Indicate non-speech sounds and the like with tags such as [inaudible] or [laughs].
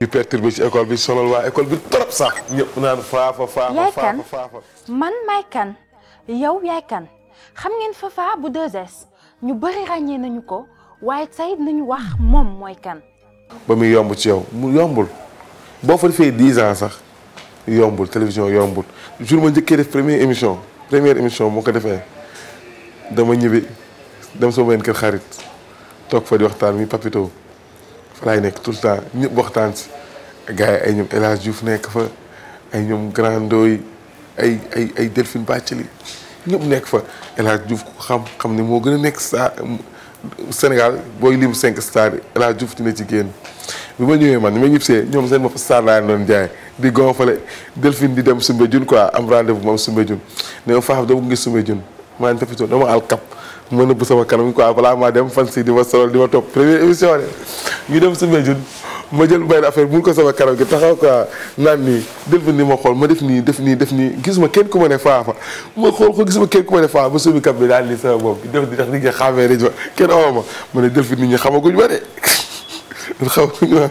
di perturbé ci école bi solol waa école bi trop sax ñëpp naan faafa faafa faafa faafa man maay kan yow yaay kan xam ngeen fafa bu 2S ñu bëri ràññee nañu ko waaye tey nañu wax moom mooy kan ba muy yomb ci yow mu yombul boo fa defee dix sax yombul television yombul jour ma njëkkee def première émission première émission moo ko defee dama ñibbi dem sama benn kër xarit toog fa di waxtaan mi papito fa laay nekk tout le temps ñëpp waxtaan si gars yi ay ñoom El Hadj nekk fa ay ñoom Grando yi ay ay ay Delphine Bathily ñëpp nekk fa El Hadj Diouf xam xam ni moo gën a nekk star euh, Sénégal booy lim cinq star yi El Hadj Diouf dina ci génn bi ma ñëwee man ni ma see ñoom seen bopp star laa doon jaay di gonfale Delphine di dem Soumbédioune quoi am rendez-vous moom Soumbédioune ne ma faax dama ngi Soumbédioune maa ngi tëfitoo dama al cap ma nëbb sama kanam quoi balaa maa dem fan si di ma solol di ma topp première émission de ñu dem suñu mbéjum ma jël benn affaire bu ko sama kanam gi taxaw quoi naan nii dellu nii ma xool ma def nii def ni def nii gisuma kenn ku ma ne faafa ma xool ko kenn ku ma ne faafa ba suñu cap bi daal di sama bopp di def di tax nit ñi xàmmee rek ma kenn oo ma ma ne dellu nit ma de [laughs] ma.